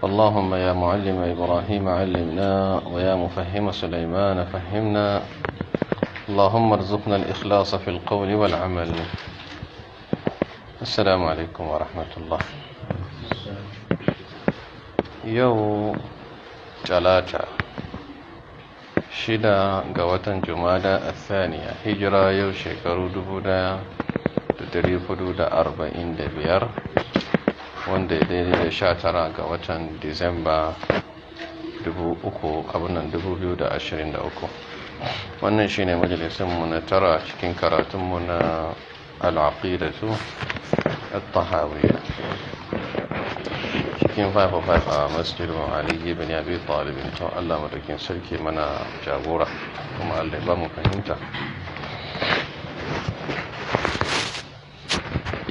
اللهم يا معلم إبراهيم علمنا ويا مفهم سليمان فهمنا اللهم ارزقنا الإخلاص في القول والعمل السلام عليكم ورحمة الله يو جلاجة شدا قوة جمادة الثانية هجرة يو شكرو دبودا تدريب دا أربعين دبير wanda ya daidai da sha tara ga watan disamba 2023 wannan shi ne majalisinmu na tara cikin karatunmu na al'aqidatu al-tahawiyya cikin 5 a masjid aliyu bin yabi talibin to allah matakin sarki mana jagora kuma allah ba mu fahimta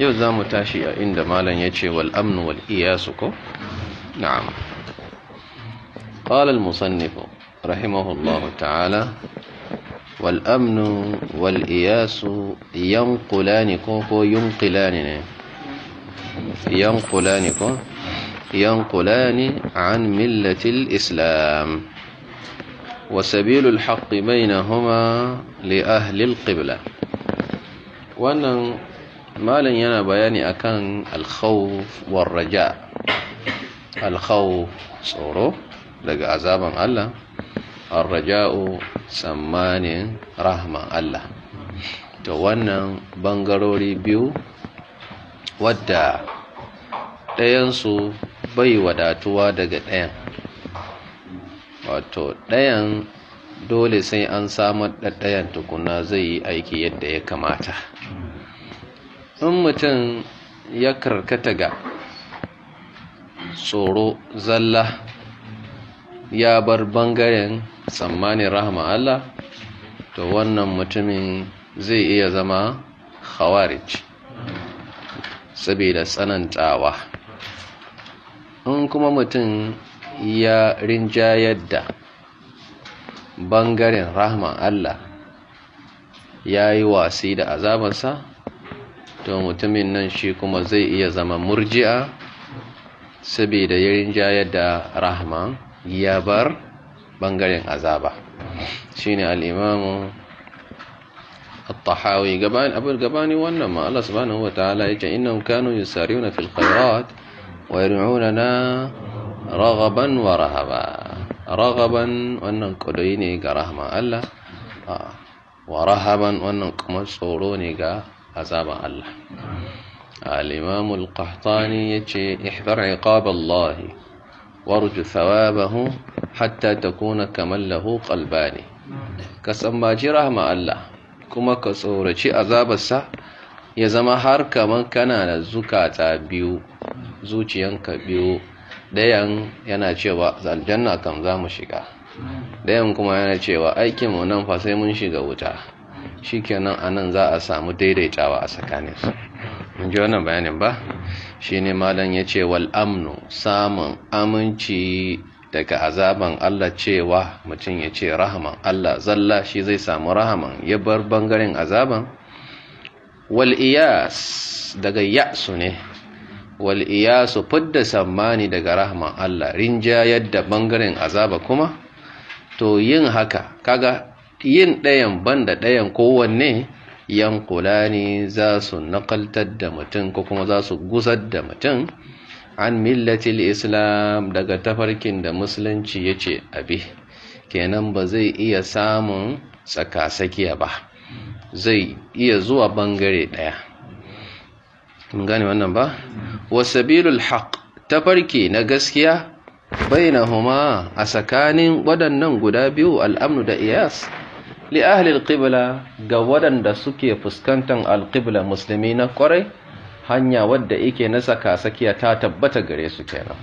yau za mu tashi a inda malam ya ce wal amnu wal iyasu ko na'am qala al musannif rahimahullahu ta'ala wal amnu wal iyasu yanqulani ko ko yunqilani ne yanqulani ko yanqulani an millatil islam وسبيل الحق بينهما لأهل القبلة wannan malam yana bayani akan alkhawf war raja alkhawf tsoro daga azaban Allah ar-raja'u tsammanin rahman Allah to wannan bangarori biyu wadda ɗayan su bai wadatuwa daga ɗayan wato ɗayan dole sai an samar da ɗayan tukuna zai yi aiki yadda ya kamata in mutum ya karkata ga tsoro zalla ya bar bangaren tsammanin rahama Allah to wannan mutumin zai iya zama khawarij saboda tsanantawa in kuma mutum ya rinjayar da bangaren rahma Allah ya yi wasi da azabarsa to mutumin nan shi kuma zai iya zama murji'a saboda yarin rinjaye da rahman ya bar bangaren azaba Shi ne imam at-tahawi gaban gabani wannan ma Allah subhanahu wataala yace innahum kanu yusariuna fil khayrat wa yad'unana raghaban wa rahaba raghaban wannan kudai ne ga rahman Allah ah, wa rahaban wannan kuma tsoro ne ga azaban Allah al-imam al-qahtani yace ihdar iqab Allah warju thawabahu hatta takuna kaman lahu ne? ka sammaji rahma Allah kuma ka tsoraci azabarsa ya zama har kamar kana da zukata biyu zuciyanka biyu dayan yana cewa aljanna kam za mu shiga dayan kuma yana cewa aikinmu nan fa sai mun shiga wuta shikenan anan za a samu daidaitawa a tsakaninsu mun ji wannan bayanin ba shine malam yace wal amnu samun aminci daga azaban Allah cewa mutum ya ce rahaman Allah zalla shi zai samu rahaman ya bar bangaren azaban wal iyas daga ya'su ne wal iyasu fidda sammani daga rahaman Allah rinjayar da bangaren azaba kuma to yin haka kaga yin ɗayan ban da ɗayan kowanne 'yan ne za su nakaltar da mutum ko kuma za su gusar da mutum an millatil islam daga tafarkin da musulunci ya ce abi kenan ba zai iya samun tsakasakiya ba zai iya zuwa bangare ɗaya gane wannan ba wasabilul haq tafarki na gaskiya huma a tsakanin waɗannan guda biyu al'amnu da iyas li ahlil qibla ga waɗanda suke fuskantar alqibla musulmi na kwarai hanya wadda yake na saka sakiya ta tabbata gare su kenan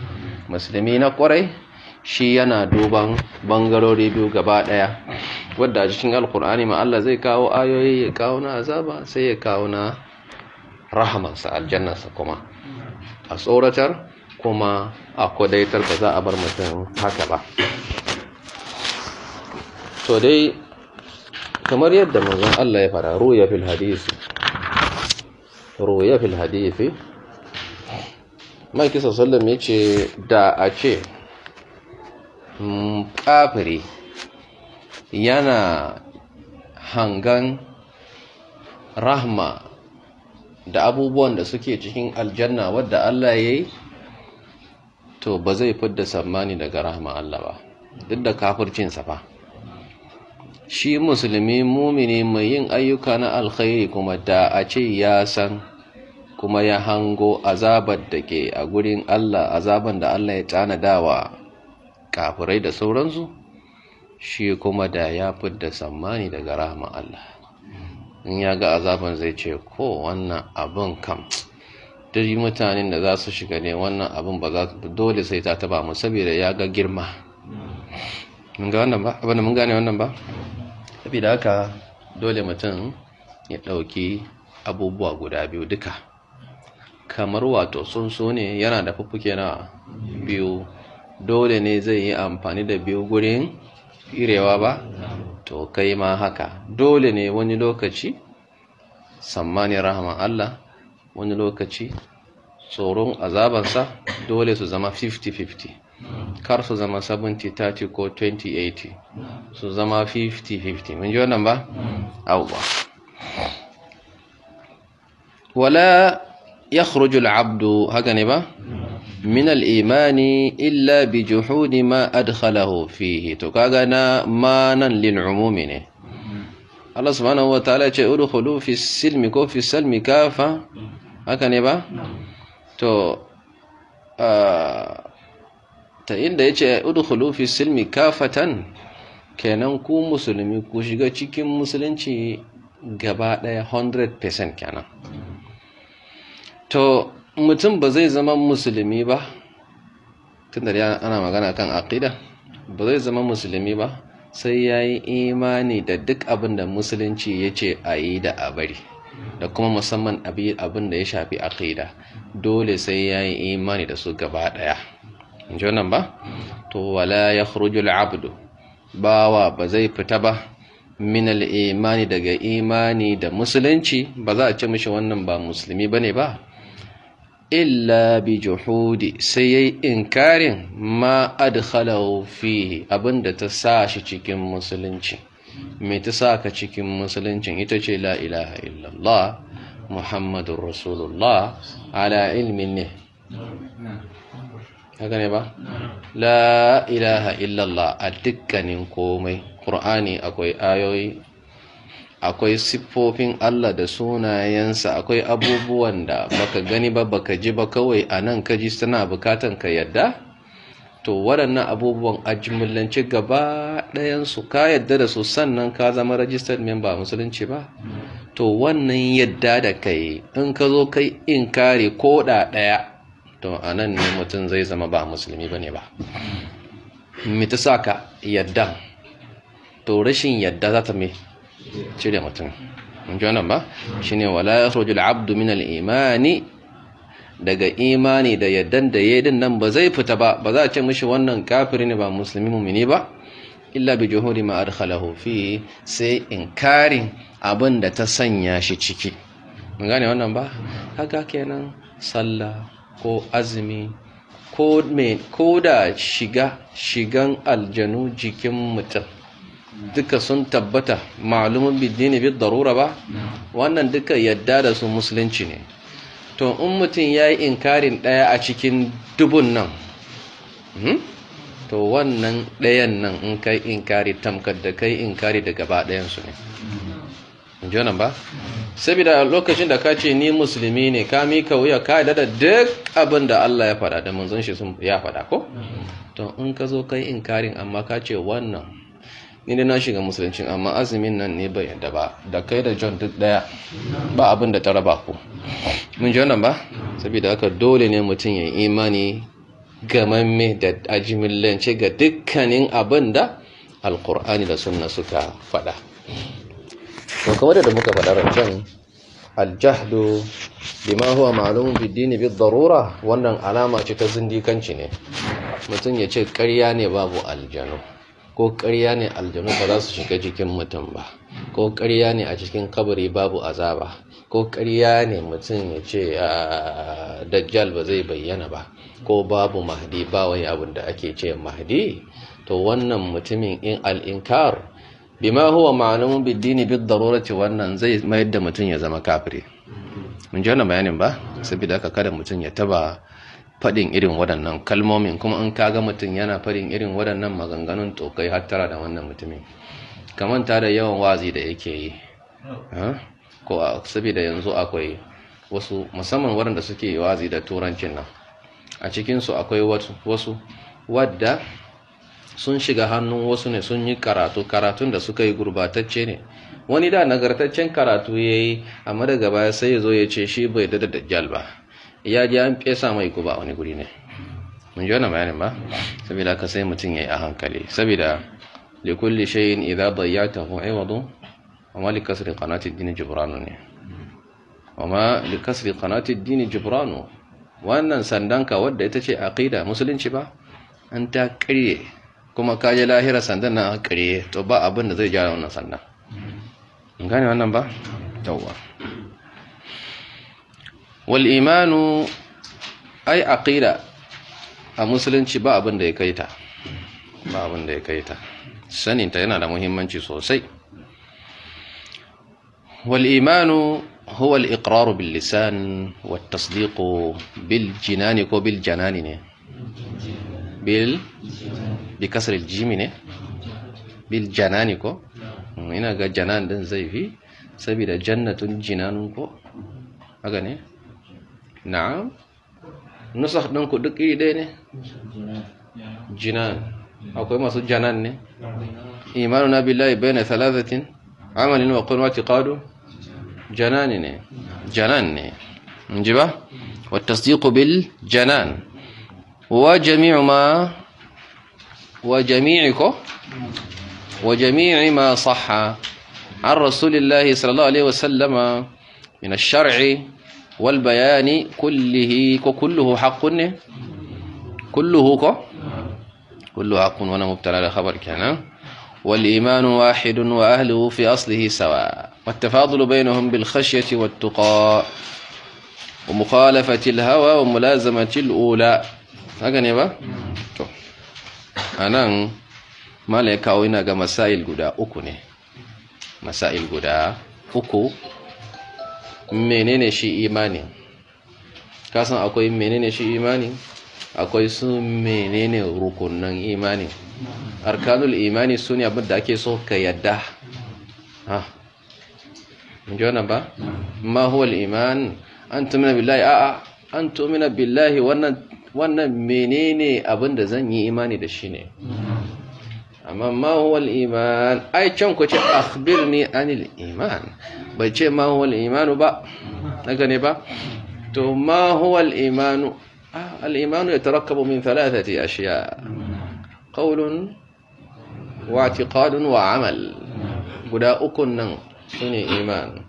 musulmi na kwarai shi yana duban bangarori biyu gaba daya wadda a cikin alkur'ani ma Allah zai kawo ayoyi ya kawo na azaba sai ya kawo na rahamansa aljannansa kuma a tsoratar kuma a kwadaitar ba za a bar mutum haka ba to dai kamar yadda manzon Allah ya fara ruya fil hadisi ruya fil hadisi kisa sallam ya ce da a ce mm, kafiri yana hangan rahma da abubuwan da suke cikin aljanna wadda Allah ya yi to ba zai fidda tsammani daga rahama Allah ba duk da kafircinsa ba shi musulmi mumini mai yin ayyuka na alkhairi kuma da a ce ya san kuma ya hango azabar da ke a gurin Allah azaban da Allah ya tanadawa kafirai da sauransu shi kuma da ya fidda sammani daga rahama Allah in ya ga azaban zai ce ko wannan abin kam duk mutanen da za su shiga ne wannan abin ba za dole sai ta taba mu saboda ya ga girma mun wannan abinda mun gane wannan ba saboda haka dole mutum ya ɗauki abubuwa guda biyu duka kamar wato tsuntsu ne yana da fuffuke na biyu dole ne zai yi amfani da biyu gurin irewa ba to kai ma haka dole ne wani lokaci sammanin rahama Allah wani lokaci tsoron azabansa dole su zama 50-50 kar su zama 70-30 ko 20-80 su zama 50-50 mun ji wannan ba? abuwa wala ya khurujul abdu haka ne ba? min al'imani illa bi juhudi ma adkhalahu fihi to kaga na manan lilumumi ne Allah subhanahu wa ta'ala ce udkhulu fi silmi ko fi salmi kafa haka ne ba to ah, ta inda ya ce udkhulu fi silmi kafatan kenan ku musulmi ku shiga cikin musulunci gaba daya 100% kenan to mutum ba zai zama musulmi ba tunda da ana magana kan aqida ba zai zama musulmi ba sai ya yi imani da duk abin da musulunci ya ce a yi da abari da kuma musamman abin da ya shafi aqida dole sai ya yi imani da su gaba daya in ji ba to wala ya abdu bawa ba zai fita ba minal imani daga imani da musulunci ba za a ce mishi wannan ba musulmi bane ba illa bi juhudi sai yayi inkarin ma adkhalahu fihi abinda ta sa shi cikin musulunci me ta sa ka cikin musulunci ita ce la ilaha illallah muhammadur rasulullah ala ilmin ne haka ne ba la ilaha illallah a dukkanin komai ƙur'ani akwai ayoyi akwai siffofin Allah da sunayensa akwai abubuwan da baka gani ba baka ji ba kawai a nan kaji suna bukatan ka yadda to waɗannan abubuwan a jimillanci gaba ɗayansu ka yadda da su sannan ka zama registered member musulunci ba to wannan yadda da kai in ka zo kai in kare ko ɗaya to a nan ne mutum zai zama ba musulmi ba ne ba mita sa ka yadda to rashin yadda za ta mai cire mutum mun ji wannan ba shi ne wala ya rojul abdu min al'imani daga imani da yaddan da ya yi nan ba zai fita ba ba za a ce mishi wannan kafiri ne ba musulmi mummini ba illa bi juhuri ma adkhalahu fi sai kari abin da ta sanya shi ciki mun gane wannan ba haka kenan sallah ko azumi ko da shiga shigan aljanu jikin mutum duka sun tabbata malumin bidini bi darura ba wannan duka yadda da su musulunci ne to in mutum ya yi inkarin ɗaya a cikin dubun nan hmm? to wannan ɗayan nan in kai inkari tamkar da kai inkari da gaba su ne in ji ba saboda lokacin da ka ce ni musulmi ne ka mika wuya ka da duk abin da Allah ya faɗa da manzon shi sun ya faɗa ko to in ka zo kai inkarin amma ka ce wannan ni da na shiga musulunci amma azumin nan ne bai yadda ba da kai da John duk daya ba abin da ta raba ku mun ji wannan ba saboda haka dole ne mutum ya imani gamamme da ajimillance ga dukkanin abin da alkur'ani da sunna suka faɗa to kamar da muka faɗa rancen aljahdu bima huwa ma'lumun fi dini bi darura wannan alama ce ta zindikanci ne mutum ya ce ƙarya ne babu aljanu ko ƙarya ne aljanu ba za su shiga jikin mutum ba ko ƙarya ne a cikin kabari babu azaba ko ƙarya ne mutum ya ce ah, dajjal ba zai bayyana ba ko babu mahdi ba wani abin da ake ce mahdi to wannan mutumin in al'inkar bima huwa ma'lumun bid-dini bid-darurati wannan zai mayar da mutum ya zama kafiri mun ji wannan bayanin ba saboda haka kada mutum ya taba fadin irin waɗannan kalmomin kuma in kaga mutum yana fadin irin waɗannan maganganun to kai hattara da wannan mutumin kaman ta da yawan wazi da yake yi ko saboda yanzu akwai wasu musamman waɗanda suke wazi da turancin nan a cikinsu akwai wasu wadda sun shiga hannun wasu ne sun yi karatu karatun da suka yi gurbatacce ne wani da nagartaccen karatu ya yi amma daga baya sai ya zo ya ce shi bai da dajjal ba ya ji an fesa mai guba wani guri ne mun ji wani bayanin ba saboda ka sai mutum ya yi a hankali saboda likulli shayin idza dayyatahu iwadu wa Amma likasri qanati ad jibranu ne Amma ma likasri qanati dini jibranu wannan sandanka wadda ita ce aqida musulunci ba an ta kare kuma ka je lahira sandan na a kare to ba abin da zai gyara wannan sandan in gane wannan ba tawwa wal imanu ai aqida a musulunci ba abin da ya kai ta ba abin da ya kai sanin ta yana da muhimmanci sosai wal imanu huwa al iqrar bil lisan wat tasdiq bil jinani ko bil janani ne bil bi kasar jimi ne bil janani ko mm, ina ga janan din zai fi saboda jannatun jinanun ko haka ne na'am nusa din ku duk iri ɗaya ne jinan akwai masu janan ne imanu na billahi bayna salazatin amalin wa qawlin wa tiqadu janani ne janan ne ji ba wa tasdiqu bil janan وجميع ما وجميعك وجميع ما صح عن رسول الله صلى الله عليه وسلم من الشرع والبيان كله كله حق كله كله حق وانا مبتلى لخبر كان والإيمان واحد وأهله في أصله سواء والتفاضل بينهم بالخشية والتقاء ومخالفة الهوى وملازمة الأولى haka ne ba to nan mala ya kawo yana ga masail guda uku ne masail guda uku menene shi imani kasan akwai menene shi imani akwai su menene rukunan imani arkanul imani su ne abin da ake so ka yadda ha ji wannan ba mahuwal iman an tumina billahi a'a an tumina billahi wannan wannan menene abin da zan yi imani da shi ne amma ma iman ai can ku ce akhbirni anil iman bai ce ma imanu ba daga ne ba to ma imanu ah, al'imanu ya yatarakkabu min thalathati ashiya Ƙaunin, wa ƙadun wa amal guda ukun nan ne iman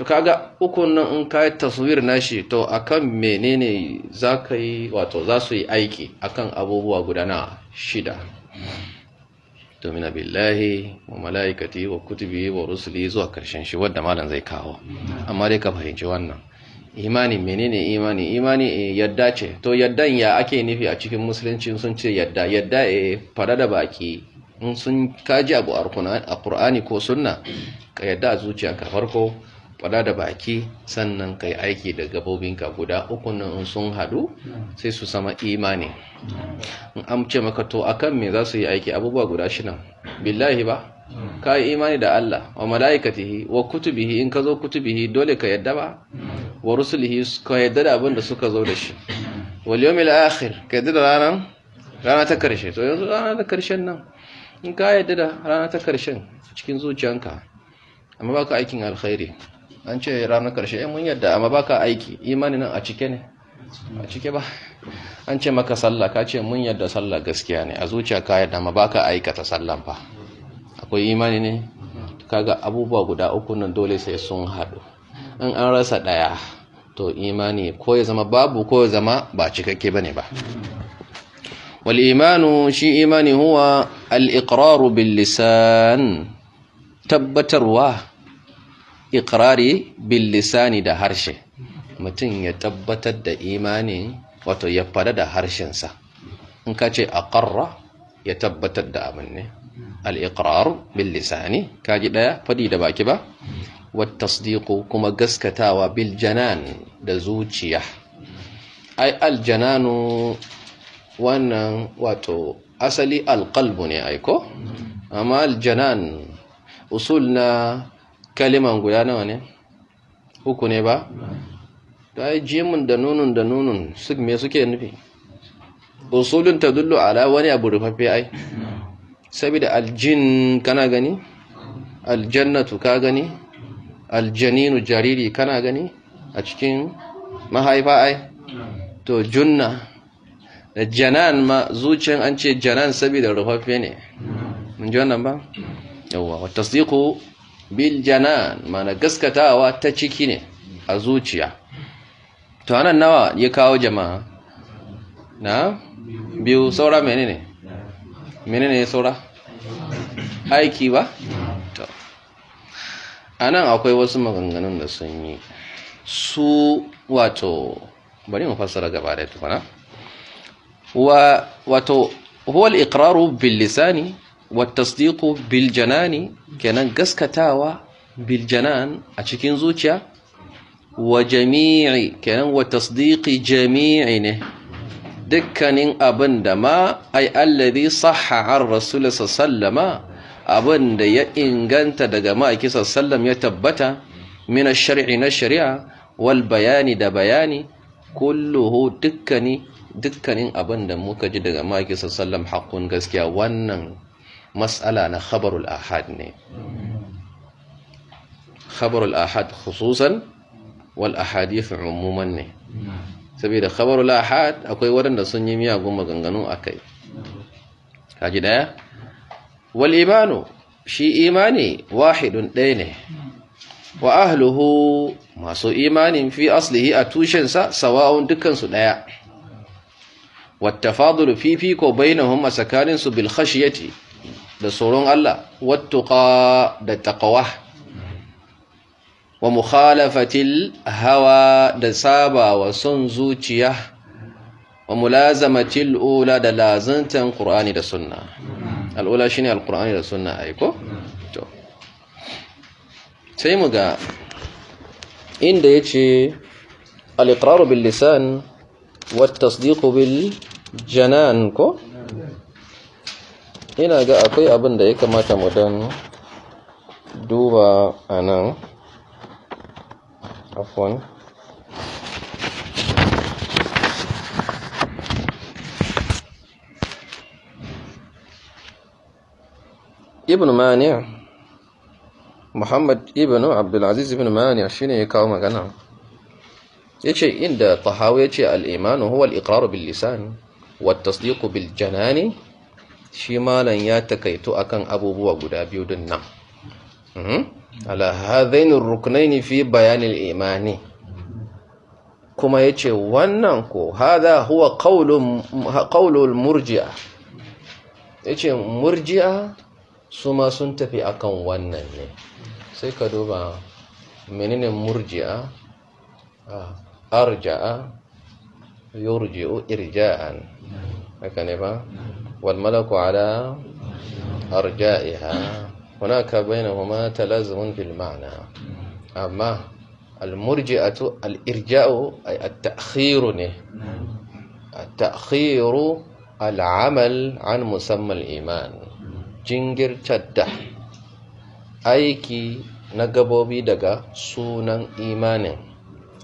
to kaga uku nan in ka taswir shi, to akan menene za ka yi wato za su yi aiki akan abubuwa gudana shida domina billahi wa mala'ikati wa kutubi wa rusuli zuwa karshen shi wadda malam zai kawo amma dai ka fahimci wannan imani menene imani imani eh, yadda ce to yaddan ya ake nufi a cikin musulunci sun ce yadda yadda e fara da baki in sun kaji abu a Ƙur'ani ko sunna ka yadda a zuciya ka farko faɗa da baki sannan kai aiki da gabobinka guda uku nan sun hadu sai su sama imani in an ce maka to akan me za su yi aiki abubuwa guda shinan billahi ba ka yi imani da Allah wa mala'ikatihi wa kutubihi in ka zo kutubihi dole ka yadda ba wa rusulihi ka yadda da abin da suka zo da shi wal yawmil akhir ka yadda da ranar rana ta karshe to yanzu rana ta karshen nan in ka yadda da rana ta karshen cikin zuciyanka amma baka aikin alkhairi an ce ranar karshe eh, mun yadda amma baka aiki imani nan a cike ne a cike ba an ce maka sallah ka ce mun yadda sallah gaskiya ne a zuciya ka yadda amma baka aikata sallan fa akwai imani ne kaga abubuwa guda uku nan dole sai sun haɗu in an rasa ɗaya to imani ko ya zama babu ko ya zama ba cikakke ne ba wal shi imani huwa al bil lisan tabbatarwa iqrari bil lisani da harshe mutum ya tabbatar da imani wato ya fada da harshensa in ka ce aqarra ya tabbatar da abin ne al iqrar bil lisani kaji ɗaya fadi da baki ba wat tasdiqu kuma gaskatawa bil janan da zuciya ai al wannan wato asali al ne aiko amma al janan usul na kaliman guda nawa ne uku ne ba ta yi jimin da nunun da nunun me suke nufi usulun ta dullu ala wani abu rufaffe ai saboda aljin kana gani aljannatu ka gani aljaninu jariri kana gani a cikin mahaifa ai to junna da janan ma zuciyan an ce janan saboda rufaffe ne mun ji wannan ba yawwa wa tasdiqu bil janan mana gaskatawa ta ciki ne a zuciya to anan nawa ya kawo jama'a na biyu saura menene menene ya saura aiki ba to anan akwai wasu maganganun da sun yi su wato bari mu fassara gaba da tukuna wa wato huwa al-iqraru bil lisani wattasdiqu bil janani kenan gaskatawa biljanan a cikin zuciya wa jami'i kenan wattasdiqi jami'i ne dukkanin abin ma a alladhi sahha an rasul sallama abin ya inganta daga ma'aiki ya tabbata min shari na shari'a wal bayani da bayani kulluhu dukkani dukkanin abin muka ji daga ma'aiki sallam gaskiya wannan matsala na khabarul ahad ne khabarul ahad khususan wal ahadith umuman ne saboda khabarul ahad akwai waɗanda sun yi miyagun maganganu akai kaji daya wal imanu shi imani wahidun ɗaya ne wa ahluhu masu imanin fi aslihi a tushensa sawa'un dukansu ɗaya wattafadulu fifiko bainahum a tsakaninsu bil da tsoron Allah wattuka da taqwa wa mukhalafatil hawa da saba wa sun zuciya wa mulazamatil ula da lazantan qur'ani da sunna al'ula shine alqur'ani da sunna to sai mu ga inda yace al-iqraru bil lisan wa at-tasdiqu bil janan ko ina ga akwai abin da ya kamata mu dan duba a nan afon ibn maniya muhammad ibn abdulaziz ibn maniya shine ya kawo magana ya ce inda tahawu ya ce al'imanu huwa al'iƙarar bil lisani wa bil janani shi malam ya takaitu akan abubuwa guda biyu din nan hmm? ala hadaini ruknaini fi bayanil imani kuma yace wannan ko hada huwa qaulun qaulul murji'a yace murji'a su ma sun tafi akan wannan ne sai ka duba menene murji'a arja'a yurji'u irja'an haka ne ba والملك على أرجائها هناك بينهما تلازم في المعنى أما المرجئة الإرجاء أي التأخير التأخير العمل عن مسمى الإيمان جنجر تدح أيكي نقبو gabobi سونا إيمان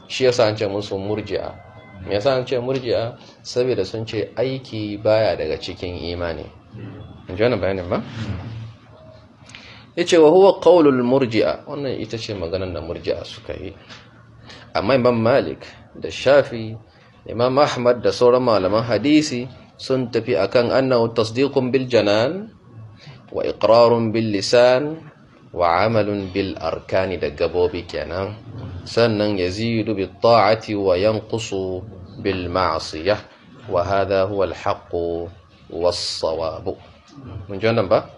شيء سانجا مرجئة me yasa an ce murji'a saboda sun ce aiki baya daga cikin imani in wani bayanin ba yace wa huwa murji'a wannan ita ce maganar da murji'a suka yi amma imam malik da shafi imam ahmad da sauran malaman hadisi sun tafi akan annahu tasdiqun bil janan wa iqrarun bil lisan wa amalun bil arkani da gabobi kenan sannan yazidu bit ta'ati wa yanqusu بالمعصية وهذا هو الحق والصواب mun ji wannan ba?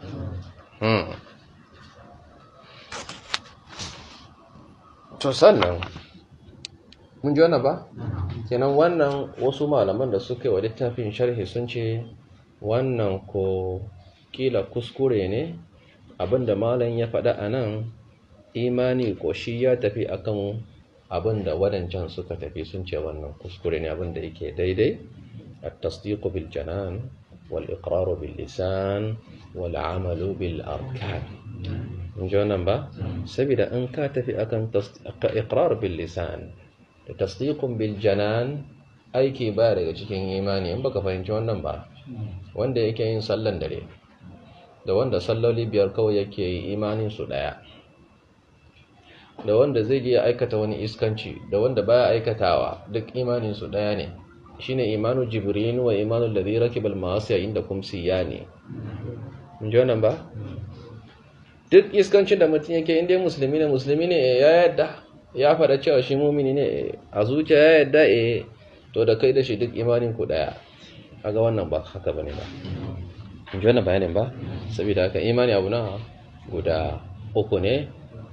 to sannan mun ji wannan ba? kenan wannan wasu malaman da suka yi wa littafin sharhi sun ce wannan ko kila kuskure ne abinda malam ya faɗa a nan imani ko shi ya tafi akan abin da wadancan suka tafi sun ce wannan kuskure ne abin yake daidai a tasdiku bil janan wal iqraru bil lisan wal amalu bil arkan in ji wannan ba saboda in ka tafi akan iqrar bil lisan da tasdiqun bil janan aiki ba daga cikin imani in baka fahimci wannan ba wanda yake yin sallan dare da wanda salloli biyar kawai yake yi imanin su daya da wanda zai je ya aikata wani iskanci da wanda baya aikatawa duk imanin su daya ne shine imanu Jibrinu wa imanu alladhi rakibal ma'asiya inda kum ne. mun ba duk iskancin da mutum yake inda musulmi ne musulmi ne eh, ya yadda ya fara cewa shi mumini ne eh, a zuciya ya yadda eh to da kai da shi duk imanin ku daya kaga wannan ba haka bane ba mun ji wannan bayanin ba saboda haka imani abu na guda uku ne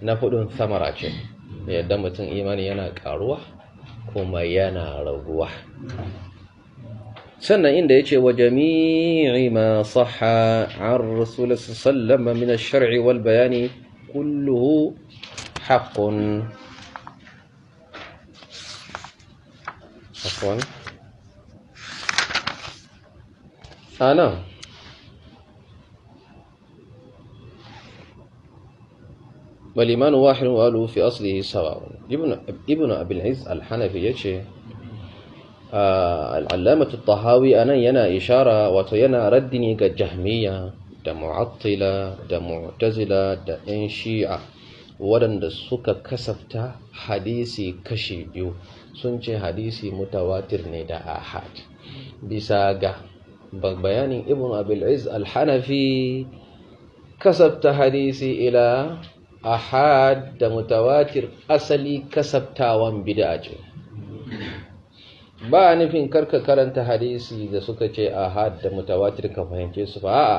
na hudun samara ce yadda mutum imani yana karuwa kuma yana raguwa sannan inda ya ce wa jami'i ma saha an rasulisa sallama mina shari'i wal bayani kulluhu haƙun a ah, nan والإيمان واحد وقالوا في أصله سواء ابن, ابن أبي العز الحنفي يتشي العلامة الطهاوي أنا ينا إشارة وتينا ردني كجهمية da mu'attila da mu'tazila da 'yan shi'a waɗanda suka kasafta hadisi kashi biyu sun ce hadisi mutawatir ne da ahad bisa ga bayanin ibn abin al-hanafi kasafta hadisi ila ahad da mutawatir asali kasabtawan bid'a ce ba nufin karka karanta hadisi da suka ce ahad da mutawatir ka fahimce su fa a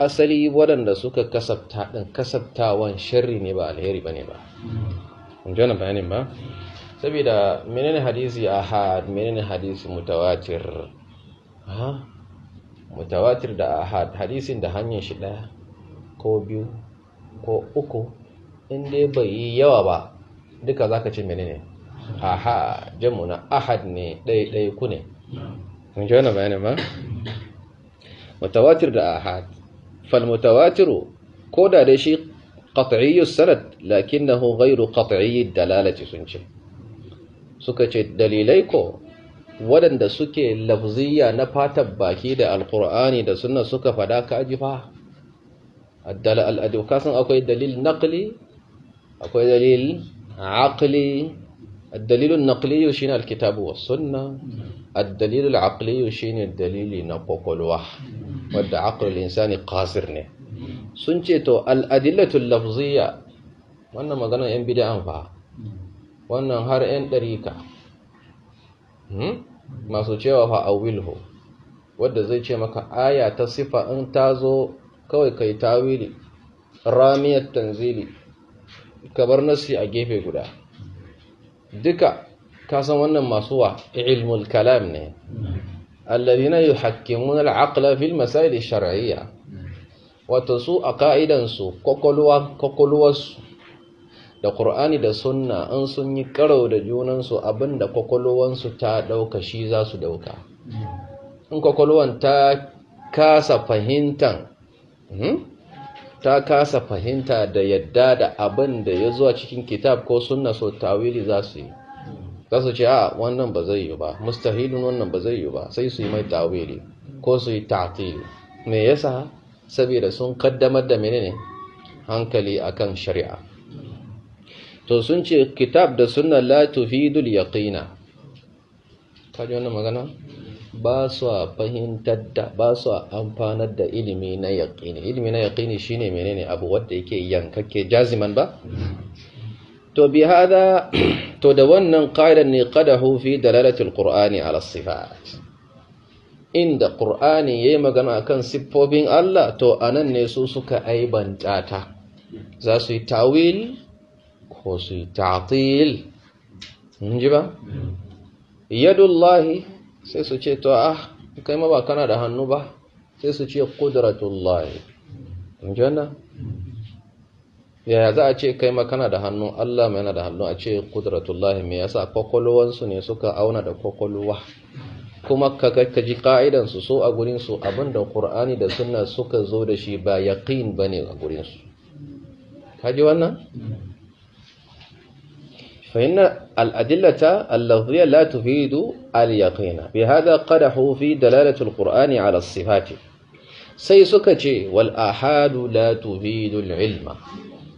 asali waɗanda suka kasabta ɗin kasabtawan sharri ne ba alheri ba ne ba jana bayanin ba saboda menene hadisi ahad menene hadisi mutawatir ha mutawatir da ahad hadisin da hanyar shi ɗaya ko biyu ko uku in dai bai yi yawa ba duka za ka ce mene ne aha jamu na ahad ne ɗaiɗai ku ne Mun ji wani bayanin ba mutawatir da ahad falmutawatiru ko da dai shi qat'iyyu sanad lakin lakinnahu gairu qat'iyyi dalalati sun ce suka ce dalilai ko waɗanda suke lafziya na fatan baki da alkur'ani da sunna suka fada ka ajifa al-addu'a san akwai dalil naqli akwai dalil aqli الدليل النقلي شين الكتاب والسنة الدليل العقلي شين الدليل نقوقل وح ودى عقل الإنسان قاصرني سنشيتو الأدلة اللفظية wannan magana yan bid'an fa wannan har yan ɗarika hmm? masu cewa a awilhu wanda zai ce maka aya ta sifa in zo kawai kai tawili Ramiyar tanziri. ka bar nasi a gefe guda duka kasan wannan masu wa ilmul kalam ne alladhina yuhakkimuna al-aqla fil masail ash-shar'iyya wato su a ka'idan su kokolwa kokolwarsu da qur'ani da sunna an sun yi karau da junan su abinda kokolwansu ta dauka shi za su dauka in kokolwan ta kasa fahimtan hmm? ta kasa fahimta da yadda da abin da ya zuwa cikin kitab ko sunna so tawili za su yi za su ce a wannan ba zai yi ba mustahilin wannan ba zai yi ba sai su yi mai tawili ko su yi tatili me yasa saboda sun kaddamar da menene hankali akan shari'a to sun ce kitab da sunna la tufidul yaqina kaji wannan magana ba su fahimtar da ba su amfanar da ilimi na yaƙini ilimi na yaƙini shine menene abu wanda yake yankakke jaziman ba to bi hada to da wannan qaidan ne qadahu fi dalalati alqur'ani ala sifat inda qur'ani yayi magana akan siffofin Allah to anan ne su suka aibanta ta za su yi tawil ko su yi ta'til mun ji ba yadullahi sai su ce to ah kai ma ba kana da hannu ba sai su ce qudratullahi injana yaya za a ce kai ma kana da hannu Allah mai yana da hannu a ce qudratullahi me yasa su ne suka auna da kokolowa kuma ka ji ƙa'idansu so a gurinsu abinda ƙur'ani da Sunna suka zo da shi ba yaƙin bane ne a gurinsu kaji wannan فإن الأدلة اللفظية لا تفيد اليقين بهذا قدحوا في دلالة القرآن على الصفات سيسكتي والآحاد لا تفيد العلم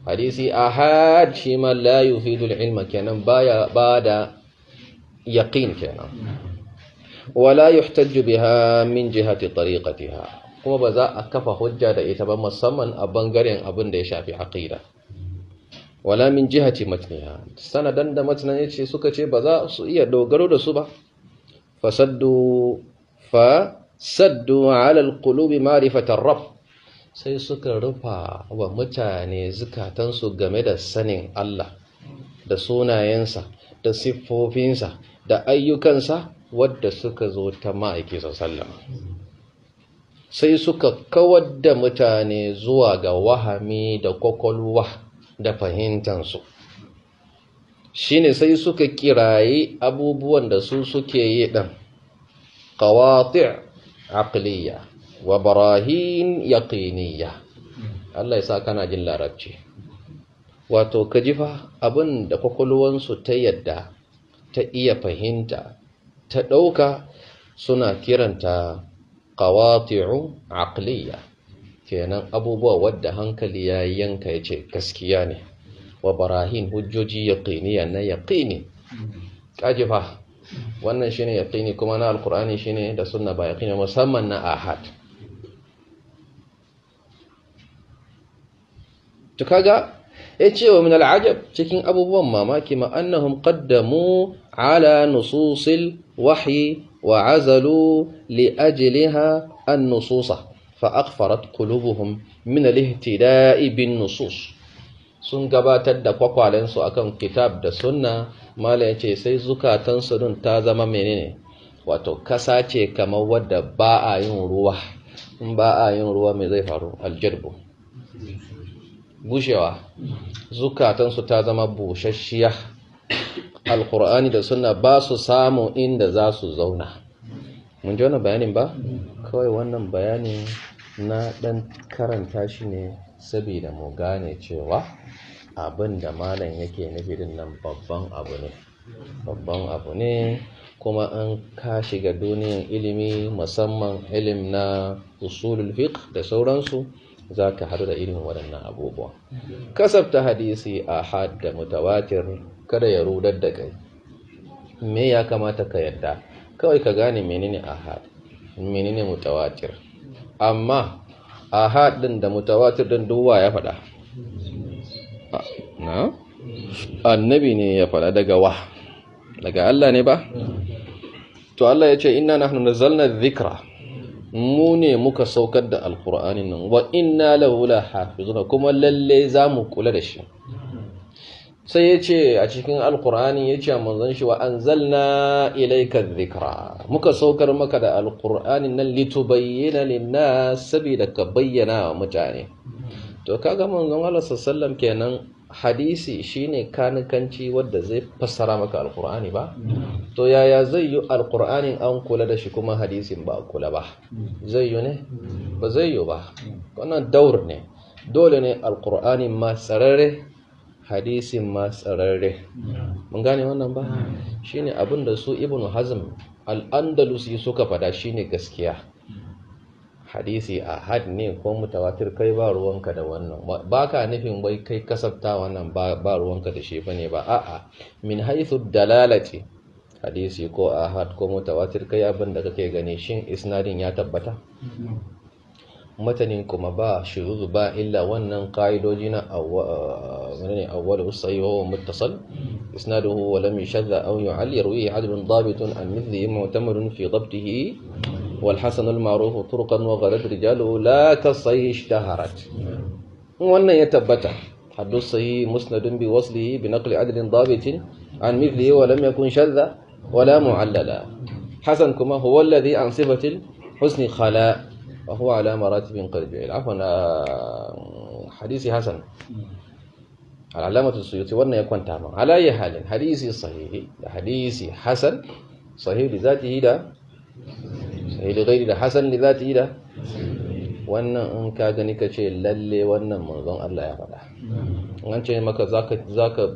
حديثي آحاد شما لا يفيد العلم كان بعد يقين كان ولا يحتج بها من جهة طريقتها kuma ba za a kafa hujja da ita ba musamman a bangaren abin da ya shafi aqida wala min jihati matniha sanadan da matnan yace suka ce ba za su iya dogaro da su ba fasaddu fa saddu ala alqulubi ma'rifatan rabb sai suka rufa wa mutane zukatansu game da sanin Allah da sunayensa da siffofinsa da ayyukansa wadda suka zo ta ma'aiki sallama sai suka kawar da mutane zuwa ga wahami da kwakwalwa da fahimtansu shine sai suka kiraye abubuwan da su suke yi ɗan ƙawatir aqliya wa barahin yaqiniya Allah ya sa kana jin larabci wato ka jifa abin da kwakwalwansu ta yadda ta iya fahimta ta ɗauka suna kiranta qawati'u aqliya kenan abubuwa wadda hankali ya yanka ya ce gaskiya ne wa barahin hujjoji yaqiniya na yaqini kaji fa wannan shine yaqini kuma na shi ne da sunna ba yaqini musamman na ahad Tukaga, kaga yace wa min al'ajab cikin abubuwan mamaki ma ƙaddamu, ala nususil wahyi wa azalu li ajiliha an-nususa fa'akfarat qulubuhum min al da ibin nusus sun gabatar da kwakwalensu akan kitab da sunna mala ce sai zukatansu dun ta zama menene wato kasa ce kamar wadda ba a yin ruwa in ba a yin ruwa mai zai faru aljirbu gushewa zukatansu ta zama bushashiya alkur'ani da sunna ba su samu inda za su zauna mun ji wannan bayanin ba kawai wannan bayanin na ɗan karanta shi ne saboda mu gane cewa abin da malam yake nufi din nan babban abu ne babban abu ne kuma an ka shiga duniyar ilimi musamman ilim na usulul fiqh da sauransu za ka haɗu da irin waɗannan abubuwa kasafta hadisi a hadda mutawatir kada ya rudar da kai me ya kamata ka yarda? kawai ka gane menene ahad menene mutawatir amma a haɗin da mutawatir din duwa ya faɗa na annabi ne ya faɗa daga wa daga Allah ne ba to Allah ya ce inna nahnu nazzalna dhikra mu ne muka saukar da alkur'anin nan wa inna lahu hafizuna kuma lalle za mu kula da shi sai ya ce a cikin alkur'ani ya ce a manzan shi wa an zalna ilaikar zikra muka saukar maka da alkur'ani nan bayyana linna saboda ka bayyana wa mutane to kaga manzon Allah ke kenan hadisi shine kanikanci wadda zai fassara maka alkur'ani ba to yaya zai yi alkur'ani an kula da shi kuma hadisin ba kula ba zai yi ne ba zai yi ba wannan daur ne dole ne alkur'ani ma sarare hadisin ma tsararre mun gane wannan ba shine abin da su ibnu hazm al-andalusi suka fada shine gaskiya hadisi ahad ne ko mutawatir kai ba ruwanka da wannan ba ka nufin wai kai kasabta wannan ba ruwanka da shi bane ba a'a min haythu dalalati hadisi ko ahad ko mutawatir kai abin da kake gani shin isnadin ya tabbata matanin kuma ba shurur ba illa wannan ƙa'idoji na awwalu sai wa muttasal isnaduhu wa lam yashadda aw yu'al yarwi adlun dabitun an mithlihi mu'tamarun fi dhabtihi والحسن المعروف طرقا وغلت رجاله لا كالصحيح اشتهرت وانا يتبت حدثه مسند بوصله بنقل عدل ضابط عن مثله ولم يكن شذا ولا معللا حسن كما هو الذي عن صفة الحسن خلاء وهو على مراتب قد عفوا آه، حديثي حسن العلامة السيوطي ورنا يكون تاما على أي حال حديثي صحيح حديثي حسن صحيح لذاته ده صحيح لغير حسن لذاته ده وأن إن كان كشيء للي وأن منظم الله يغفر له ya faɗa an ce maka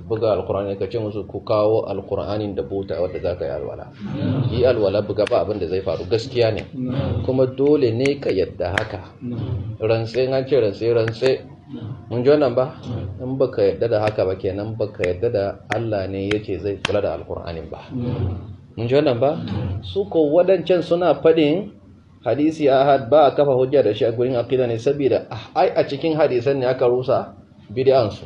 buga alkur'ani ka ce musu ku kawo alkur'anin da buta wadda za ka yi alwala yi alwala buga ba abin zai faru gaskiya ne kuma dole ne ka yadda haka rantse an ce rantse rantse mun ji wannan ba in ka yadda da haka ba kenan ka yadda da Allah ne yake zai kula da alkur'anin ba mun ji wannan ba su ko wadancan suna faɗin hadisi ahad ba a kafa hujja da shi a gurin akida ne saboda ai a cikin hadisan ne aka rusa bid'ansu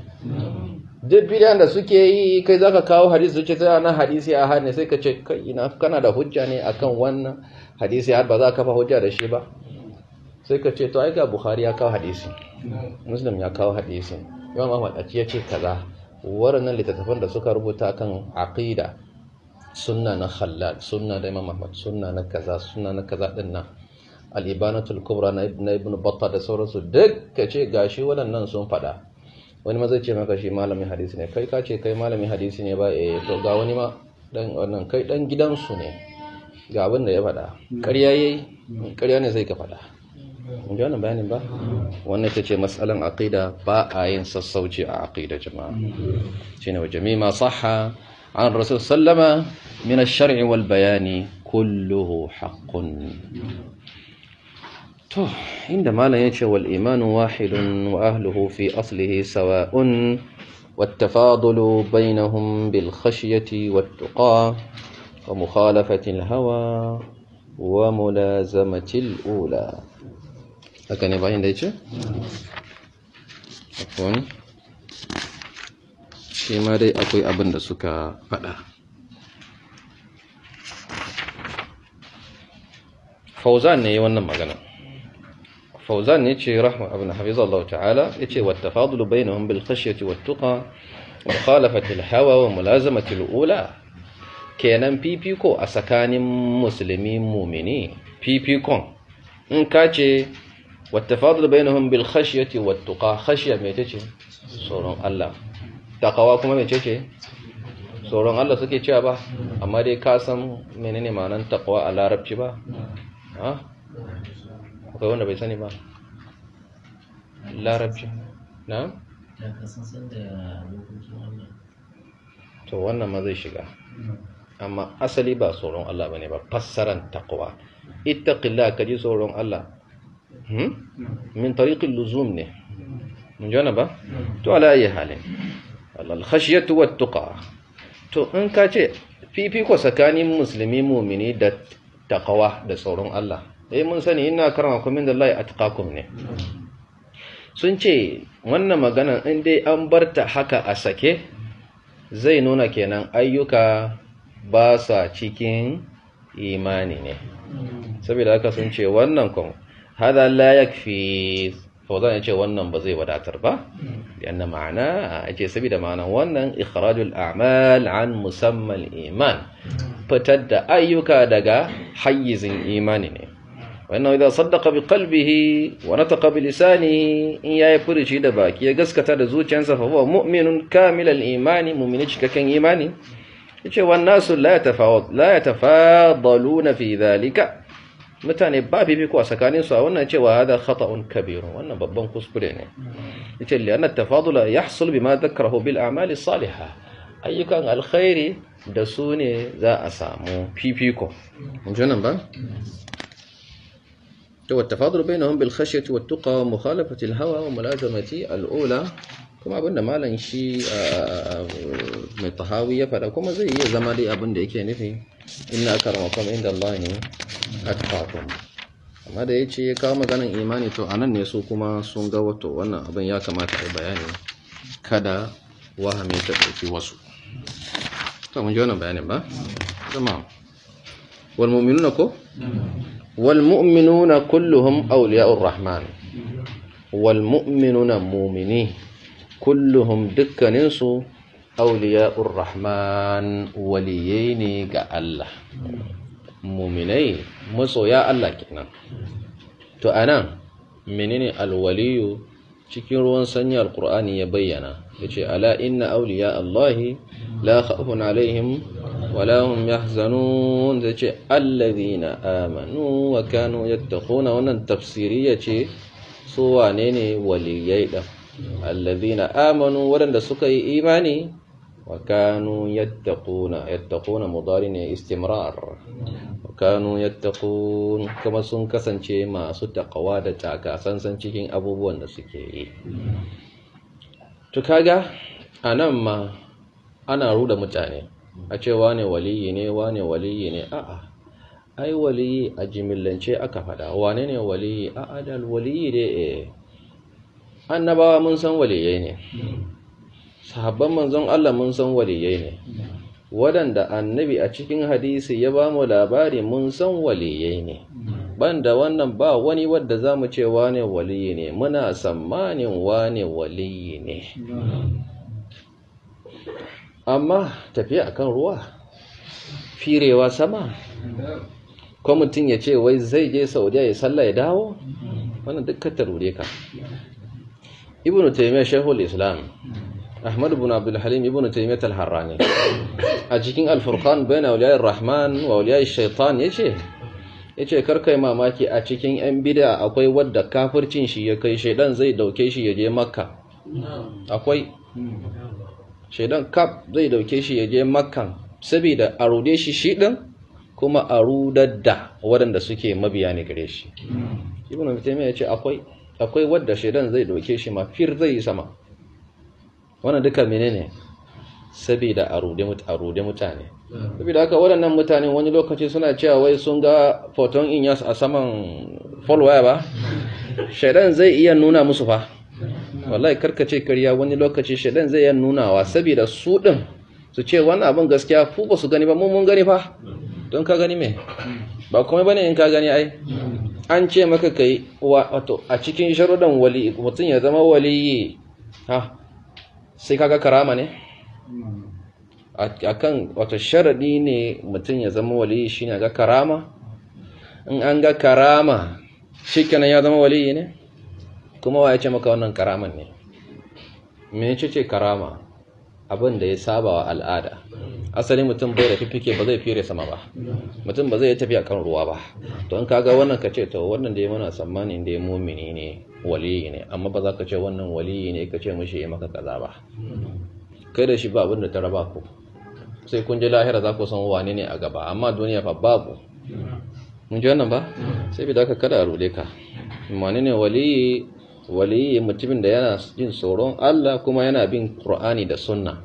duk bidan da suke yi kai zaka kawo hadisi suke sai ana hadisi a hannu sai ka ce kai ina kana da hujja ne akan wannan hadisi har ba za ka kafa hujja da shi ba sai ka ce to ai ga bukhari ya kawo hadisi muslim ya kawo hadisi imam ahmad a ya ce kaza waɗannan littattafan da suka rubuta kan aqida sunna na khallal sunna da imam ahmad sunna na kaza sunna na kaza din nan al-ibanatul kubra na ibn battah da sauransu duk ka ce gashi waɗannan sun faɗa wani ma zai ce maka shi malamin hadisi ne kai ka ce kai malamin hadisi ne ba eh to ga wani ma dan wannan kai dan gidansu ne ga abin da ya faɗa ƙarya yayi ƙarya ne zai ka faɗa mun ji wannan bayanin ba wannan ita ce mas'alan aqida ba a yin sassauci a aqida jama'a shine wa ma sahha an rasul sallama min ash-shar'i wal bayani kulluhu haqqun عندما لا ينشأ الإيمان واحد وأهله في أصله سواء والتفاضل بينهم بالخشية والتقى ومخالفة الهوى وملازمة الأولى أكن يبعين ديجة أكون كما دي أكوي أبن دسوكا فلا فوزان ني وانا مغنم fauzan ya ce rahma abin hafizallahu ta'ala ya ce wata fadulu bai na humbil kashe wattuka da khalafatil hawa wa mulazamatil ula kenan fifiko a tsakanin musulmi mumini fifikon in ka ce wata fadulu bai na humbil kashe wattuka kashe mai ta ce tsoron allah ta takawa kuma mai ce ce tsoron allah suke cewa ba amma dai ka san menene ma'anar takawa a larabci ba akwai wanda bai sani ba larabci na? to wannan ma zai shiga hmm. amma asali ba tsoron Allah ba ne ba fassaran takwa ita ƙilla ka ji tsoron Allah hmm? Hmm. min tariƙin luzum ne mun ji jona ba? to alayi halin alkhashiyatu wattuqa to in ka ce fifiko tsakanin musulmi mumini da takawa da tsoron Allah dai eh, mun sani ina karama kuma da Allah atqakum ne sun ce wannan magana in dai an barta haka a sake zai nuna kenan ayyuka ba sa cikin imani ne saboda haka sun ce wannan kuma hada la yakfi fawzan ya ce wannan ba zai wadatar ba yana ma'ana a ce saboda ma'ana wannan ikhrajul a'mal an musamman iman fitar da ayyuka daga hayyizin imani ne wannan idan saddaka bi qalbihi wa nataqa bi lisanihi in yayi furuci da baki ya gaskata da zuciyarsa fa huwa mu'minun kamilal imani mu'mini cikakken imani yace wan nasu la yatafawad la yatafadaluna fi dhalika mutane ba bibiko a tsakanin su a wannan cewa hada khata'un kabiru wannan babban kuskure ne yace li anna tafadula yahsul bima dhakrahu bil a'mali salihah ayyukan alkhairi da su ne za a samu fifiko mun ji nan ba والتفاضل بينهم بالخشية والتقى ومخالفة الهوى وملازمة الأولى kuma abinda malam shi mai tahawi ya faɗa kuma zai iya zama dai abinda yake nufi inna akramakum inda Allah ne atqakum amma da ce ya kawo maganan imani to anan ne su kuma sun ga wato wannan abin ya kamata a bayani kada wahame ta dauki wasu ko walmu'minuna kulluhum awliya'ur rahman walmu'minuna mu'mini kulluhum dukkanin su awliya'ur rahman waliyaini ga Allah mu'minai musoya Allah kenan to anan menene alwaliyu cikin ruwan sanyi alkur'ani ya bayyana ya ce ala inna auliya allahi la khawfun alaihim wala hum yahzanun zai ce allazina amanu wa kanu yattaquna wannan tafsiri ya ce su wane ne waliyai da allazina amanu waɗanda suka yi imani wa kanu yattaquna yattaquna mudari ne istimrar kanu yattaqun kuma sun kasance masu takawa da taka sansan cikin abubuwan da suke yi Tukaga, a nan ma ana ruda mutane a ce wane waliyi ne wane waliyi ne a'a ai waliyi a jimillance aka fada wane ne waliyi a'a adal waliyi dai eh annabawa mun san waliyai ne sahabban manzon Allah mun san waliyai ne waɗanda annabi a cikin hadisi ya ba mu labari mun san waliyai ne banda wannan ba wani wadda za mu ce wane waliyi ne muna sammanin wane waliyi ne amma tafiya akan ruwa firewa sama Kwamitin ya ce wai zai je saudiya ya salla ya dawo wannan dukkan tarure ka ibnu taymiyyah shehul islam Ahmad ibn Abdul Halim ibn Taymiyyah al-Harrani a cikin al-Furqan baina waliyar Rahman wa waliyar Shaytan yace yace karkai mamaki a cikin yan bid'a akwai wadda kafircin shi ya kai shaidan zai dauke shi ya je Makka akwai shaidan kaf zai dauke shi ya je Makka saboda a rude shi shi din kuma a rudar da waɗanda suke mabiya ne gare shi ibn Taymiyyah yace akwai akwai wadda shaidan zai dauke shi ma fir zai sama wannan duka menene saboda a rude mutane saboda haka waɗannan mutane wani lokaci suna cewa wai sun ga photon yas a saman folwaya ba shaidan zai iya nuna musu fa wallahi karkace karya wani lokaci shaidan zai iya nunawa saboda su din su ce wani abin gaskiya fu ba su gani ba mun mun gani fa don ka gani me ba kuma bane in ka gani ai an ce maka kai wato a cikin sharudan wali mutum ya zama waliyi ha sai kaga karama ne hmm. akan wato sharadi ne mutum ya zama wali shine ga karama in an ga karama shikenan ya zama wali ne kuma wa ya ce maka wannan karaman ne Menene ce ce karama abin da ya saba wa al'ada asali mutum bai da fifike ba zai fire sama ba mutum ba zai tafi akan ruwa ba to in kaga wannan ka ce to wannan da ya mana tsammanin da ya mumini ne waliyi ne amma ba za ka ce wannan waliyi ne ka ce mashi ya maka kaza ba kai da shi ba abin da ta raba ku sai kun ji lahira za ku san wane ne a gaba amma duniya fa babu mun ji wannan ba sai bi da ka kada a rude ka wane ne waliyi waliyi mutumin da yana jin tsoron Allah kuma yana bin Qur'ani da sunna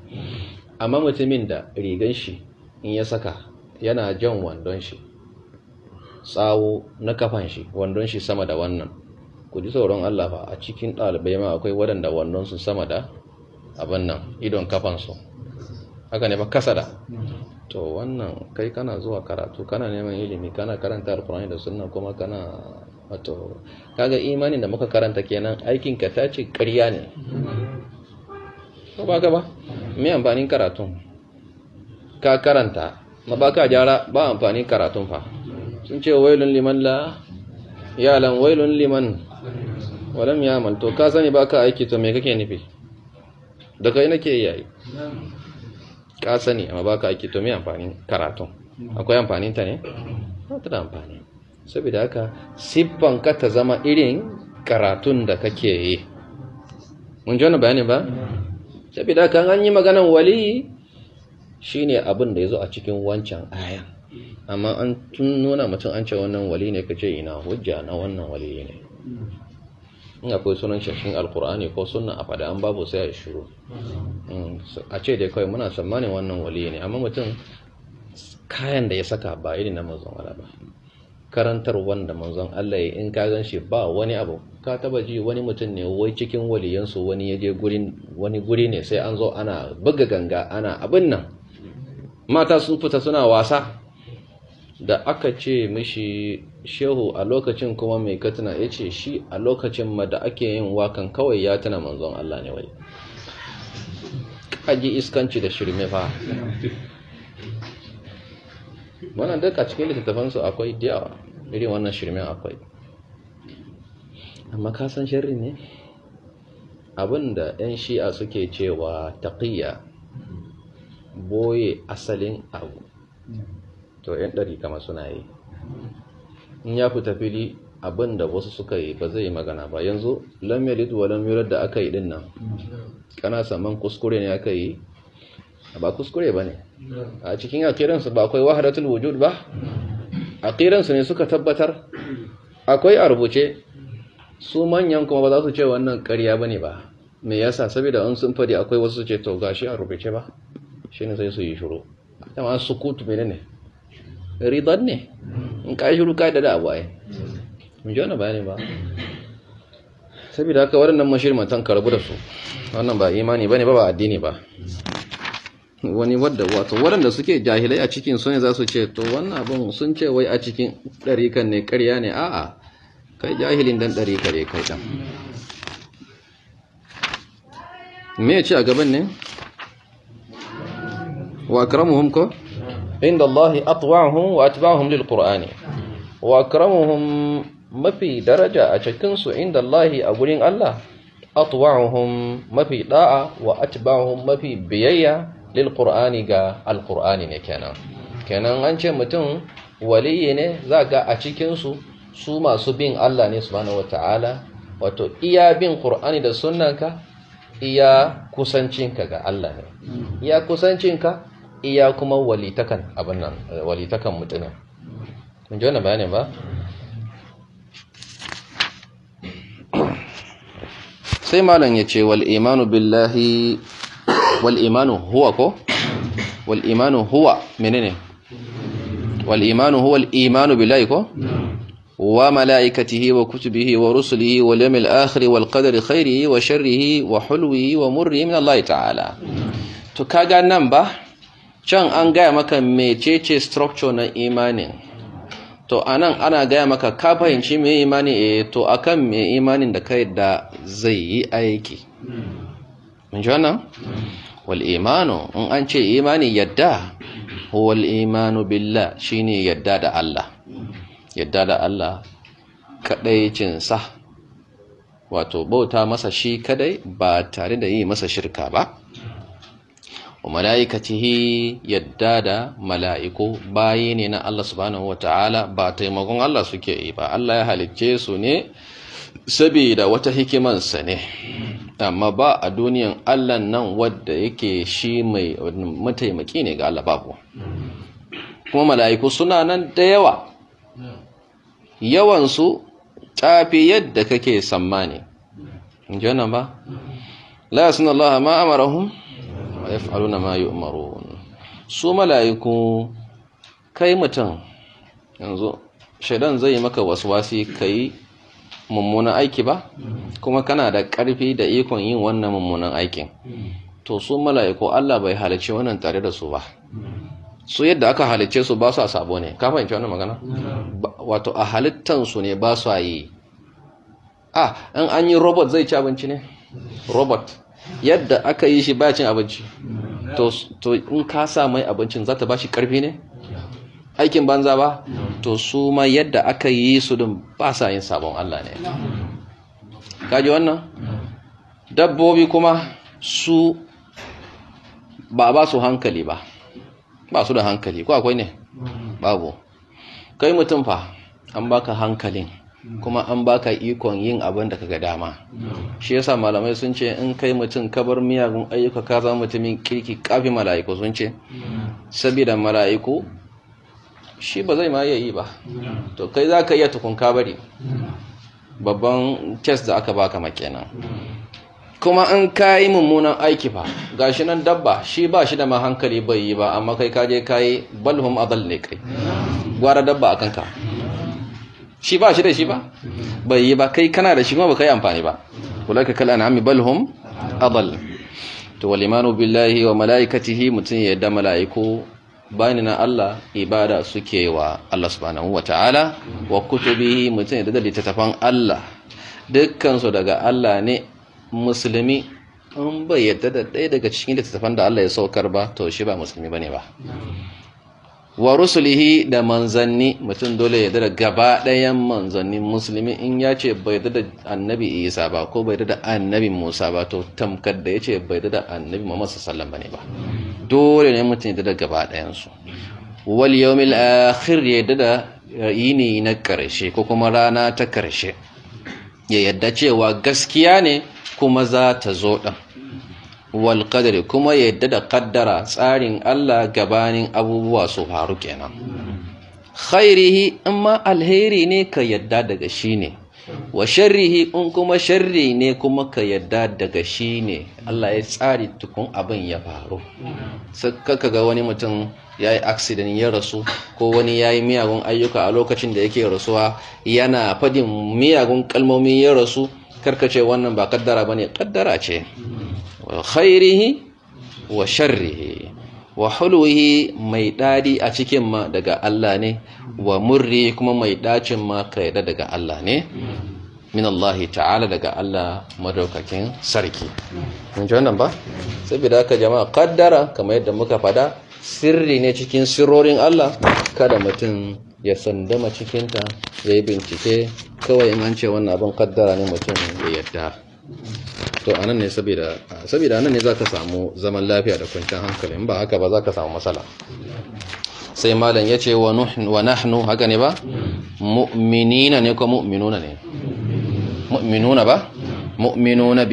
amma mutumin da rigan shi in ya saka yana jan wandon shi tsawo na kafan shi wandon shi sama da wannan ku ji sauran Allah fa a cikin ɗalibai ma akwai waɗanda wannan su sama da abin nan idon kafansu haka ne ba da. to wannan kai kana zuwa karatu kana neman ilimi kana karanta alkurani da sunna kuma kana wato kaga imanin da muka karanta kenan aikin ka ta ce ƙarya ne ko ba ka ba me amfanin karatun ka karanta ma ba ka jara ba amfanin karatun fa sun ce wailun liman la yalan wailun liman walam yamal to ka sani ba ka aiki to me kake nufi da kai nake yayi ka sani amma ba ka aiki to me amfani, karatu. akwai amfanin ta ne ba ta da amfani saboda haka siffan ka ta zama irin karatun da kake yi mun ji wani bayani ba saboda haka an yi maganan wali shine abin da ya zo a cikin wancan aya, amma an tun nuna mutum an ce wannan wali ne ka ina hujja na wannan wali ne in akwai sunan shashin alkur'ani ko sunan a fada an babu sai a shuru. Mm, a ce dai kawai muna tsammanin wannan waliyi ne amma mutum kayan da ya saka ba iri na manzon Allah ba karantar wanda manzon Allah ya in ka gan shi ba wani abu ka taba ji wani mutum ne wai cikin waliyansu wani ya je wani guri ne sai an zo ana buga ganga ana abin nan mata sun fita suna wasa da aka ce mishi shehu a lokacin kuma mai katina ya ce shi a lokacin ma da ake yin wakan kawai ya tana manzon Allah ne wai kaji iskanci da shirme fa wannan duk a cikin littattafansu akwai diyawa irin wannan shirmen akwai amma ka san sharri ne abinda 'yan shi'a suke cewa taƙiyya boye asalin abu to 'yan ɗari kama suna yi in ya fita fili abin da wasu suka yi ba zai magana ba yanzu lam Lidu wa lam da aka yi din nan kana saman kuskure ne aka yi ba kuskure ba ne a cikin akiransu ba akwai wahadatul wujud ba akiransu ne suka tabbatar akwai a rubuce su manyan kuma ba za su ce wannan ƙarya ba ne ba me yasa saboda an sun fadi akwai wasu ce to gashi a rubuce ba shi ne sai su yi shuru dama sukutu mene ridan ne in ka shiru ka da da, abu ai mun hmm. jona bayani ba saboda haka waɗannan mashir ka rabu da su wannan ba imani bane ba ba addini ba wani wadda wato waɗanda suke jahilai a cikin su ne za su ce to wannan abin sun ce wai a cikin ɗarikan ne ƙarya ne a'a kai jahilin dan ɗarika ne kai ɗan me ce a gaban ne wa karamuhum ko inda Allah atwa'uhum wa atba'uhum lil qur'ani wa akramuhum mafi daraja a cikin su inda Allah a gurin Allah atwa'uhum mafi da'a wa atba'uhum mafi biyayya lil qur'ani ga al qur'ani ne kenan kenan an ce mutum waliyi ne za a cikin su su masu bin Allah ne subhanahu wataala wato iya bin qur'ani da sunnanka iya kusancinka ga Allah ne iya kusancinka iya kuma walitakan abin nan eh, walitakan mutumin mun ji wannan bayanin ba sai malam ya ce wal imanu billahi wal imanu huwa ko wal imanu huwa menene wal imanu huwa al imanu billahi ko wa malaikatihi wa kutubihi wa rusulihi wal yawmil akhir wal qadari khairihi wa sharrihi wa hulwihi wa murrihi min Allah ta'ala to kaga nan ba can an gaya maka mecece structure na imanin to anan ana gaya maka ka fahimci mai imani eh to akan mai imanin da kai da zai yi aiki mun ji wannan wal in an ce imani yadda huwal imanu billah shine yadda da Allah yadda da Allah kadaicinsa wato bauta masa shi kadai ba tare da yi masa shirka ba wa mala'ikatihi yadda da mala'iku bayi ne na Allah subhanahu wa ta'ala ba taimakon Allah suke yi ba Allah ya halicce su ne saboda wata hikimansa ne amma ba a duniyan Allah nan wadda yake shi mai mataimaki ne ga Allah babu kuma mala'iku suna nan da yawa yawansu tafi yadda kake sammani in ji wannan ba la ma amarahum yaf'aluna ma yu'marun su mala'iku kai mutum yanzu shaidan zai maka waswasi kai mummunan aiki ba kuma kana da ƙarfi da ikon yin wannan mummunan aikin to su mala'iku Allah bai halicci wannan tare da su ba su yadda aka halicce su ba su a sabo ne ka fahimci wannan magana wato a halittansu ne ba su yi a ah, in an yi robot zai ci abinci ne robot yadda aka yi shi baya abinci to in ka sa mai abincin za ta ba shi karfi ne aikin banza ba to su ma yadda aka yi su din ba sa yin sabon Allah ne kaji wannan dabbobi kuma su ba ba su hankali ba ba su da hankali ko akwai ne babu kai mutum fa an baka hankalin kuma an baka ikon yin abin da kaga dama shi yasa malamai sun ce in kai mutum kabar miyagun ayyuka ka zama mutumin kirki kafi mala'iku sun ce saboda mala'iku shi ba zai ma iya yi ba to kai za ka iya tukun kabari babban kes da aka baka makenan kuma an kayi mummunan aiki ba gashi nan dabba shi ba shi da ma hankali bai yi ba amma kai kaje kayi balhum adal ne kai gwara dabba akan ka shi ba shi da shi ba mm-hmm. bai yi ba kai kana da shi ma ba kai amfani ba ulaka kal an'ami bal hum adall to wal imanu billahi wa malaikatihi mutun ya da malaiku bani na Allah ibada suke wa Allah subhanahu wataala wa kutubihi mutun ya da littafan Allah dukkan su daga Allah ne musulmi in bai yadda da ɗaya daga cikin littafan da Allah ya saukar ba to shi ba musulmi bane ba mm-hmm. wa rusulihi da manzanni mutum dole ya dada gaba ɗayan manzannin musulmi in ya ce bai dada annabi isa ba ko bai dada annabi musa ba to tamkar da ya ce bai dada annabi masu sallan ba ne ba dole ne mutum ya dada gaba ɗayansu wal mil akhir ya dada yini na ƙarshe ko kuma rana ta ƙarshe ya yadda cewa gaskiya ne kuma za ta zo ɗan Walƙadari kuma ya yadda da ƙaddara tsarin Allah gabanin abubuwa su faru kenan khairihi in ma alheri ne ka yadda daga shi ne wa sharrihi in kuma sharri ne kuma ka yadda daga shi ne Allah ya tsari tukun abin ya faru saka ga wani mutum ya yi aksidin ya rasu ko wani ya yi miyagun ayyuka a lokacin da yake rasuwa yana fadin miyagun kalmomin ya rasu karkace wannan ba kaddara bane kaddara ce wa khairihi wa sharrihi wa hulwihi mai dadi a cikin ma daga Allah ne wa murri kuma mai dacin ma kaida daga Allah ne min Allah ta'ala daga Allah madaukakin sarki mun ji wannan ba saboda haka jama'a kaddara kamar yadda muka fada sirri ne cikin sirrorin Allah kada mutum ya sandama cikinta ya yi bincike kawai in an ce wannan abin kaddara ne mutum ya yadda to anan ne saboda anan ne za ka samu zaman lafiya da kwanciyar hankali in ba haka ba za ka samu matsala sai malam ya ce wa nahnu haka ne ba mu'minina ne ko mu'minuna ne mu'minuna ba mu'minuna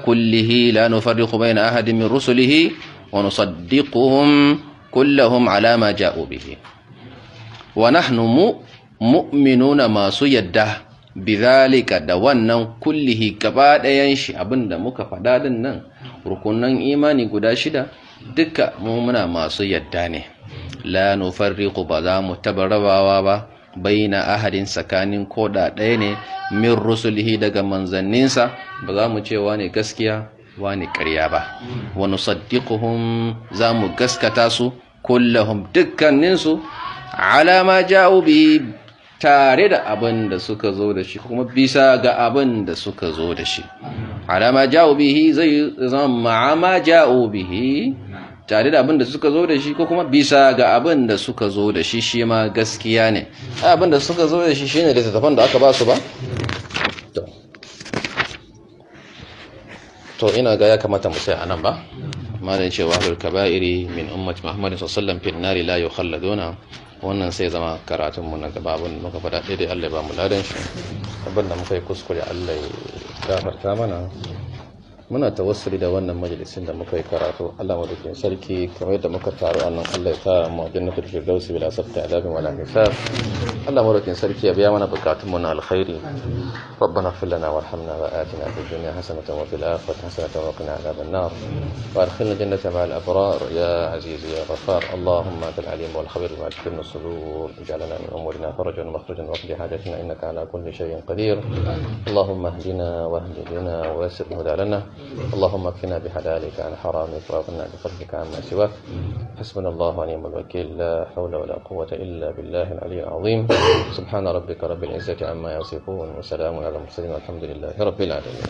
kullihi la nufarriqu bayna ahadin min rusulihi wa nusaddiquhum kullahum ala ma ja'u bihi wa nahnu mu mu'minuna masu yadda bizalika da wannan kullihi gaba ɗayan shi abinda muka faɗa din nan rukunan imani guda shida duka mu masu yadda ne la nufarriqu ba za mu taba rabawa ba baina ahadin tsakanin koda ɗaya ne min rusulihi daga manzanninsa ba za mu ce wane gaskiya wane ƙarya ba wani nusaddiquhum za mu gaskata su kullahum dukkaninsu ala ma ja'u bi tare da abin da suka zo da shi kuma bisa ga abin da suka zo da shi ala ma ja'u bihi zai zama ma ja'u bihi tare da abin da suka zo da shi ko kuma bisa ga abin da suka zo da shi shi ma gaskiya ne abin da suka zo da shi shine ne da aka ba su ba to ina ga ya kamata mu sai anan ba da cewa al kaba'iri min ummat muhammadin sallallahu alaihi wasallam fil nari la yukhalladuna wannan sai zama karatun mu na gaba abin muka faɗa ɗaya da allah ba mu ladan shi abin da muka yi kuskure allah ya gafarta mana muna tawassuli da wannan majalisin da muka yi karatu Allah madaukakin sarki kamar yadda muka taro a nan Allah ya sa mu jannatul firdausi bila sabta adabi wala hisab Allah madaukakin sarki ya biya mana bukatun mu na alkhairi ربنا اغفر لنا وارحمنا وآتنا في الدنيا حسنة وفي الآخرة حسنة وقنا عذاب النار وأدخلنا الجنة مع الأبرار يا عزيز يا غفار اللهم أنت العليم والخبير بما تكن الصدور اجعلنا من أمورنا فرجا ومخرجا واقض حاجتنا إنك على كل شيء قدير اللهم اهدنا واهدنا ويسر هدى لنا اللهم اكفنا بحلالك عن حرامك واغنى بفضلك عما سواك حسبنا الله ونعم الوكيل لا حول ولا قوة إلا بالله العلي العظيم سبحان ربك رب العزة عما يصفون وسلام على المرسلين والحمد لله رب العالمين